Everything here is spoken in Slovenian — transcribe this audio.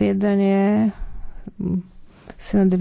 zasedanje se nadaljuje.